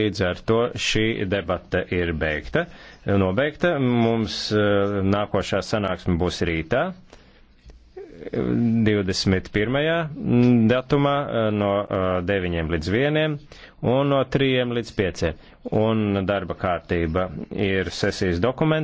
Līdz ar to šī debata ir beigta. Nobeigta. Mums eh, nākošā sanāksme būs rītā. 21. Eh, datumā eh, no 9 līdz 1 un no 3 līdz 5. Un darba kārtība ir sesijas dokumenta.